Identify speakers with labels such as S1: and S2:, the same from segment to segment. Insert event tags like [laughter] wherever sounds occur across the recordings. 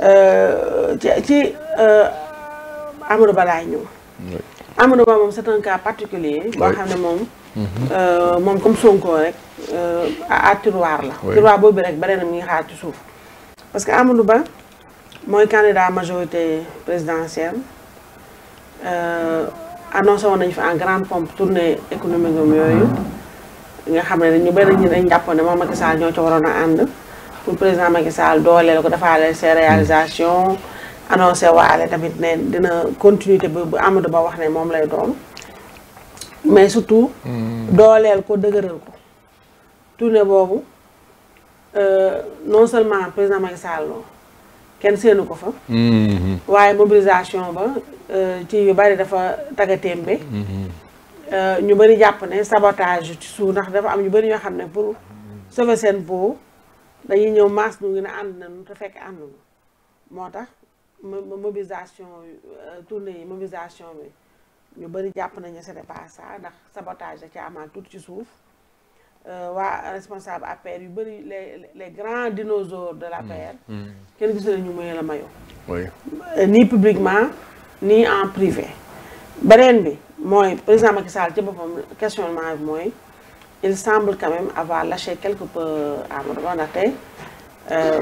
S1: Euh, ci ci euh, Amadou Ba laay ñëw. Amadou Ba moom c'est un cas particulier boo xam ne moom. Mhm. Euh, moom comme Sonko rek à tiroir la. tiroir boobu rek bare na mi ngi xaar ci suuf. parce que Amadou Ba mooy candidat majorité présidentielle annoncé woon nañu fi en grande pompe tournée économique am yooyu. Mhm. nga xam ne dañu ñu ñu dañ jàppoon ne moom a Sall ñoo ci waroon a ànd. pour président Macky Sall dooleel ko defaale ses réalisations annoncé waale tamit ne dina continuité bu bu Amadou Ba wax na moom lay doon mais surtout. Hmm. dooleel ko dëgëral ko. tournée boobu euh, non seulement président Macky Sall kenn séenu ko fa. Hmm. waaye mobilisation ba euh, ci yu bari dafa tagatémbe. Hmm. Euh, ñu bari jàpp ne sabotage ci suuf ndax dafa am ñu bari ñoo xam ne pour sauver seen boo dañuy ñëw masse nu ngi ne ànd nañu te fekk ànd nañu moo mobilisation euh, tournée mobilisation bi ñu bari japp nañu c'est pas ça ndax sabotage ci amaat tout ci euh wa responsable APR yu bari les grands dinosaures de la l'APR mm, mm. kenn gisu ñu mëna la mayo euh, ni publiquement ni en privé beneen bi mooy président Macky Sall ci bopam questionnement moy il semble quand même avoir lâché quelque peu Amadou Ba ndaxte euh,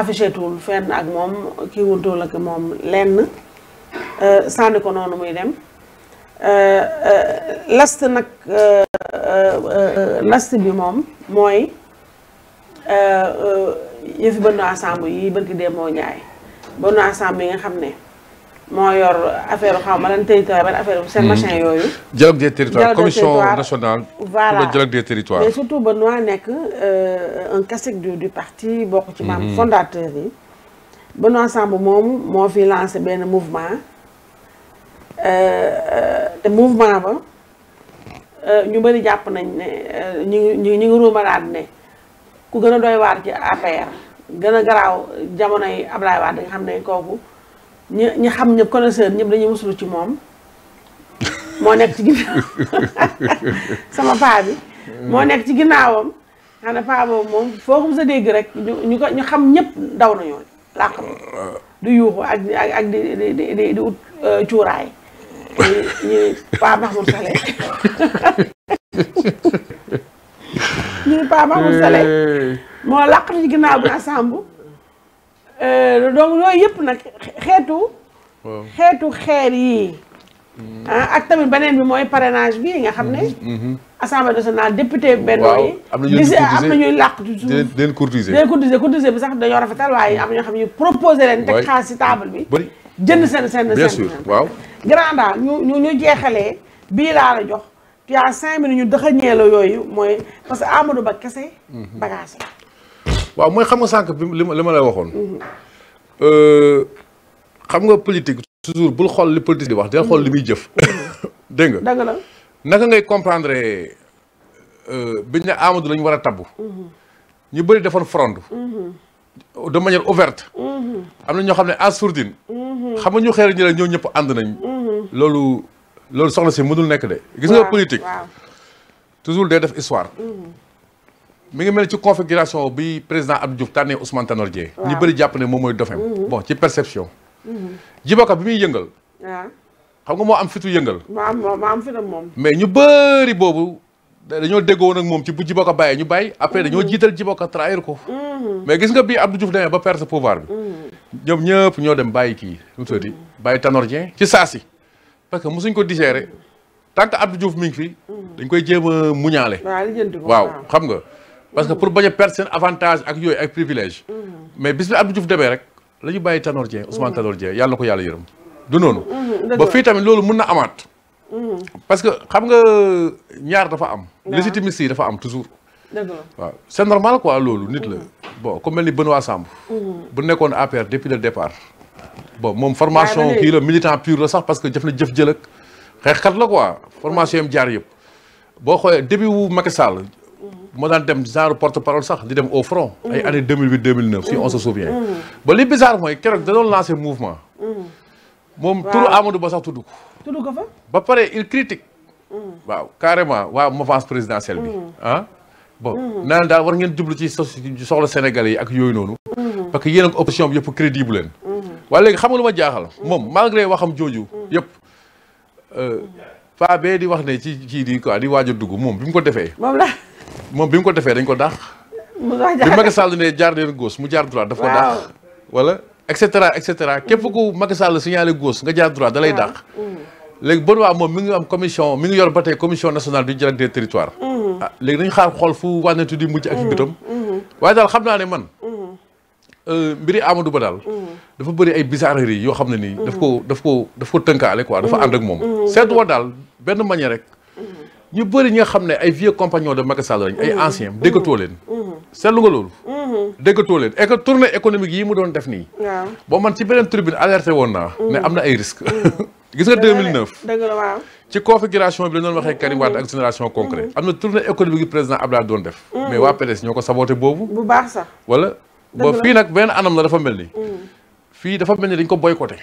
S1: affiché tuwul fenn ak moom kii wutul ak moom lenn euh, sànni ko noonu muy dem euh, last nag last bi moom mooy yëfi Benno Assemblée yi bëgg demoo ñaay Benno Assemblée yi nga xam ne moo yor affaire xaw ma lan territoire ban affaire seen hmm. machin yooyu.
S2: dialogue des territoires commission nationale. voilà pour le dialogue des territoires. mais
S1: surtout ba noo nekk euh, un cacique du du parti bokk ci membre hmm. fondateur yi. Benoît Sambou moom moo fi lancé benn mouvement euh, euh, te mouvement ba ñu bëri jàpp nañ ne ñu ngi ñu ngi ruumalaat ne ku gën a doy waar ci APR gën a garaaw jamonoy Ablaye Wade nga xam ne kooku. ñu ñu xam ñëpp connaisseur ñëpp dañuy muslu ci moom moo nekk ci ginnaaw [laughs] sama paa bi moo nekk ci ginnaawam xanaa paa boobu moom foo ko sa dégg rek ñu ñu ko ñu xam ñëpp daw nañoo làq du yuuxu ak ak ak di di di di ut euh, cuuraay ñu paa Mahmoud Saleh [laughs] ñu ni paa Mahmoud Saleh moo làq ci ginnaaw bi ensemble Euh, donc yooyu yëpp nag xeetu xeetu xeer yii mm-hmm. ah, ak tamit beneen bi mooy parrainage bi nga xam ne mm-hmm. assemblée nationale député bennoo yi gis am na ñuy làqtu su
S2: den courtiser den
S1: courtiser courtiser bi sax dañoo rafetal waaye mm-hmm. am na ñoo xam ne ñu proposé leen teg xaalis si table bi jënd seen seen bien sûr waaw ñu ñu ñu jeexalee bii laa la jox tu as cinq minutes ñu dëxañee la yooyu mooy parce que Amadou Ba kese bagage la
S2: waaw mooy xam nga sànq bi li ma li ma lay waxoon. Euh, xam nga politique toujours bul xool li politique di wax del xool li muy jëf. [laughs] dégg nga dëgg la naka ngay comprendre euh, biñ ne Amadou la war a tabbu. ñi bëri defoon fronde. de manière ouverte. am na ñoo xam ne assourdine. xam na ñu xeer ñu la ñëw ñëpp ànd nañ. loolu loolu soxna si mënul nekk de. gis nga politique toujours day def histoire. mi ngi mel ci configuration bi président Abdou Diouf tànnee Ousmane Tanor Dieng. ñu bëri jàpp ne moom mooy dofem. Mhm. bon ci perception. Mhm. Djibo bi muy yëngal. xam nga moo am fitu yëngal.
S1: moo am moo am fitam moom.
S2: mais ñu bëri boobu dañoo déggoo nag moom ci bu Djibo Ka bàyyee ñu bàyyi. après dañoo mhm. jiital Djibo Ka trahir ko. mais gis nga bii Abdou Diouf demee ba perdre pouvoir bi. ñoom ñëpp ñoo dem bàyyi kii nu mu tuddati bàyyi Tanor Dieng ci saa si parce que mosuñ ko digérer tant que Abdou mi ngi fi. dañ koy jéem a muñaale. waaw xam nga parce que pour bañ a perdre seen avantage ak yooyu ak privilège mm-hmm. mais bis bi Abdou Diouf demee rek la ñu bàyyi Tanor Dieng Ousmane mm-hmm. Tanor Dieng yàlla na ko yàlla yërëm du noonu mm-hmm. ba fii tamit loolu mun na amaat parce que xam nga ñaar dafa am légitimiste yi dafa am toujours waaw c'est normal quoi loolu nit la bon comme mel ni waa Samb bu nekkoon APR depuis le départ bon moom formation kii la militant pur la sax parce que jëf na jëf jëlëk xeexkat la quoi formation yam jaar yëpp boo xoolee début wu Macky Sall moo daan dem genre porte parole sax di dem au front. Mm. ay années 2008 2009 si mm. on se souvient. Mm. ba li bizarre mooy keroog da doon lancer mouvement. moom turu Amadou Ba sax tudd ko. tudd ko fa. ba pare il critique. waaw carrément waaw mouvance présidentielle bi. ah bon nee na daal war ngeen jublu ci soxla Sénégalais yi ak yooyu noonu. parce que yéen ak opposition bi yëpp bu leen. waaye léegi xam nga lu ma jaaxal. moom malgré waxam jooju. yëpp. Euh, paa bee di wax ne ci kii di quoi di waaj a moom bi mu ko defee. moom bi mu ko defee dañ ko dàq.
S1: mu doon bi Macky
S2: Sall ne jaar leen gauche mu jaar droite daf ko dàq. wala et cetera et cetera képp ku Macky Sall signalé gauche nga jaar droite da lay dàq. Mm. léegi bon waa moom mi ngi am commission mi ngi yor ba tey commission nationale du dialogue des territoires. Mm. Ah, léegi dañu xaar xool fu wàññeeku di mujj ak yu gëtam. Mm. waaye daal xam naa ne man. Euh, mbiri Amadou Ba daal. dafa bëri ay bizarreries yoo xam ne nii. daf ko daf ko daf ko tënkaale dafa ànd ak moom. seetlu woon daal benn manière rek. ñu bëri ñi nga xam ne ay vieux compagnons de Macky Sall lañ ay mm-hmm. anciens déggatoo leen mm-hmm. seetlu nga loolu mm-hmm. déggatoo leen et que tournée économique yi mu doon def nii waaw boo man ci beneen tribune alerté woon naa ne am na ay risques [laughs] gis nga 2009 dëgg la waaw ci configuration bi la doon waxee Karim Wade ak na tournée économique yi président Abdoulaye doon def mais waa PDS ñoo ko saboté boobu bu baax sax wala ba fii nag benn anam la dafa mel ni fii dafa mel ni dañ ko boycotté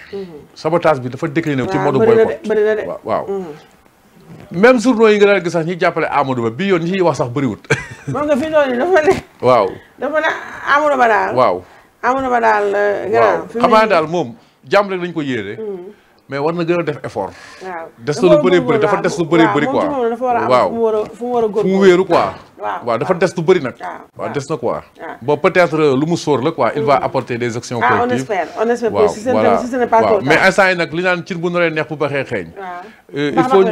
S2: sabotage bi dafa décliné ci mode boycott waaw même journaux yi nga daan gis sax ñi jàppale Amadou Ba bii yoon ñi ciy wax sax bëriwul.
S1: moom nga fi doon dafa ne. waaw dafa ne Amadou Ba daal. waaw Amadou Ba daal. Euh, gannaaw
S2: fi moom jàmm rek lañ ko yéene. Mm. mais war na gën a def effort.
S1: waaw des na lu bëree bëri dafa des lu bëree bëri quoi. waaw fu war a góorgóorlu fu mu weeru quoi. waaw
S2: dafa des lu bëri nag. waaw des na quoi. bon peut-être euh, lu mu sóor quoi il va mm. apporter des actions collectives. Ah, on espère on espère si ce n'est pas trop mais instant yi nag li naan cin bu noree neex bu baxee xeeñ. Euh, il faut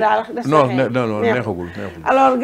S2: non non non neexagul
S1: Alors.